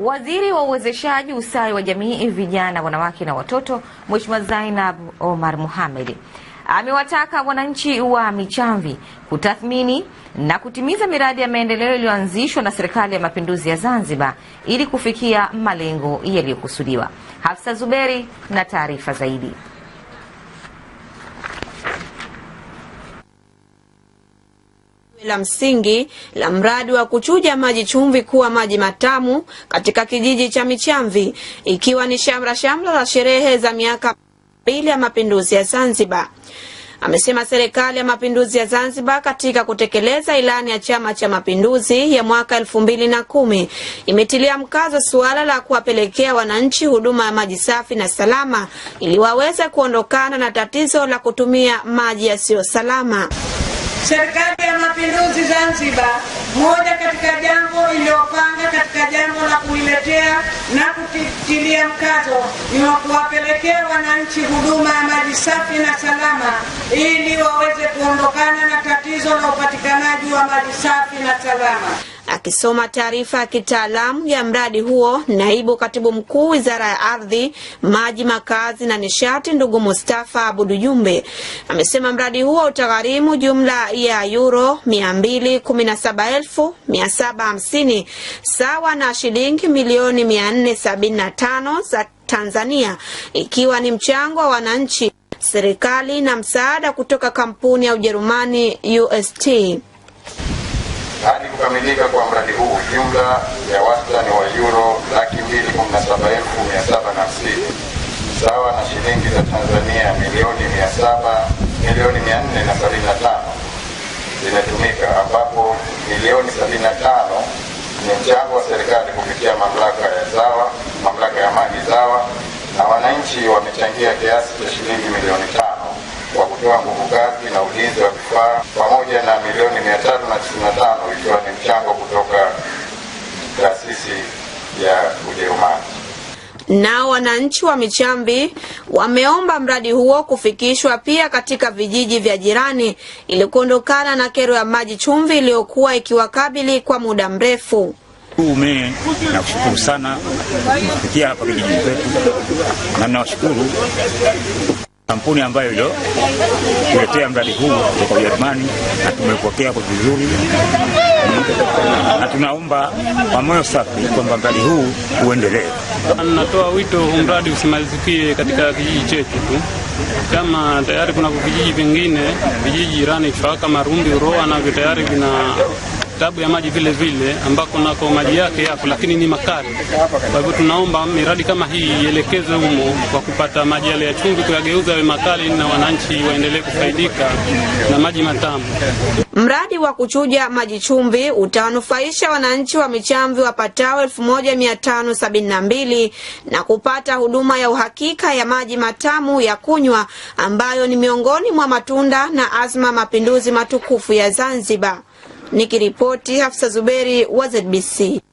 Waziri wa Uwezeshaji, Ustawi wa Jamii, Vijana, Wanawake na Watoto, Mheshimiwa Zainab Omar Mohamed amewataka wananchi wa Michamvi kutathmini na kutimiza miradi ya maendeleo iliyoanzishwa na Serikali ya Mapinduzi ya Zanzibar ili kufikia malengo yaliyokusudiwa. Hafsa Zuberi na taarifa zaidi. la msingi la mradi wa kuchuja maji chumvi kuwa maji matamu katika kijiji cha Michamvi ikiwa ni shamra shamra la sherehe za miaka mbili ya mapinduzi ya Zanzibar. Amesema serikali ya mapinduzi ya Zanzibar katika kutekeleza ilani ya Chama cha Mapinduzi ya mwaka elfu mbili na kumi imetilia mkazo suala la kuwapelekea wananchi huduma ya maji safi na salama ili waweze kuondokana na tatizo la kutumia maji yasiyo salama. Serikali ya Mapinduzi Zanzibar, moja katika jambo iliyopanga katika jambo la kuiletea na kutilia mkazo ni wa kuwapelekea wananchi huduma ya maji safi na salama, ili waweze kuondokana na tatizo la upatikanaji wa maji safi na salama. Akisoma taarifa ya kitaalamu ya mradi huo, naibu katibu mkuu wizara ya ardhi, maji, makazi na nishati, ndugu Mustafa Abudu Jumbe amesema mradi huo utagharimu jumla ya euro 217,750 sawa na shilingi milioni 475 za Tanzania, ikiwa ni mchango wa wananchi, serikali na msaada kutoka kampuni ya Ujerumani UST. Hadi kukamilika kwa mradi huu jumla ya wastani wa euro laki mbili kumi na saba elfu mia saba na hamsini sawa na shilingi za Tanzania milioni mia saba milioni mia nne na sabini na tano zimetumika ambapo milioni sabini na tano ni mchango wa serikali kupitia mamlaka ya ZAWA, mamlaka ya maji ZAWA, na wananchi wamechangia kiasi cha shilingi milioni tano wa kutoa nguvu kazi na ujenzi wa vifaa pamoja na milioni mia na tano ikiwa ni mchango kutoka taasisi ya Ujerumani. Nao wananchi wa Michambi wameomba mradi huo kufikishwa pia katika vijiji vya jirani ili kuondokana na kero ya maji chumvi iliyokuwa ikiwakabili kwa muda mrefu. Ume sana kufikia hapa kwetu, na nawashukuru Kampuni ambayo kuletea mradi huu kutoka Ujerumani na tumepokea kwa vizuri, na tunaomba kwa moyo safi kwamba mradi huu uendelee. Natoa wito huu mradi usimalizikie katika kijiji chetu tu, kama tayari kuna vijiji vingine, vijiji jirani kama Rumbi, Uroa navyo tayari vina tabu ya maji vile vile, ambako nako maji yake yako, lakini ni makali. Kwa hivyo tunaomba miradi kama hii ielekezwe humo kwa kupata maji yale ya chumvi, kuyageuza yawe makali, na wananchi waendelee kufaidika na maji matamu. Mradi wa kuchuja maji chumvi utawanufaisha wananchi wa Michamvi wapatao mbili na kupata huduma ya uhakika ya maji matamu ya kunywa ambayo ni miongoni mwa matunda na azma mapinduzi matukufu ya Zanzibar. Nikiripoti Hafsa Zuberi wa ZBC.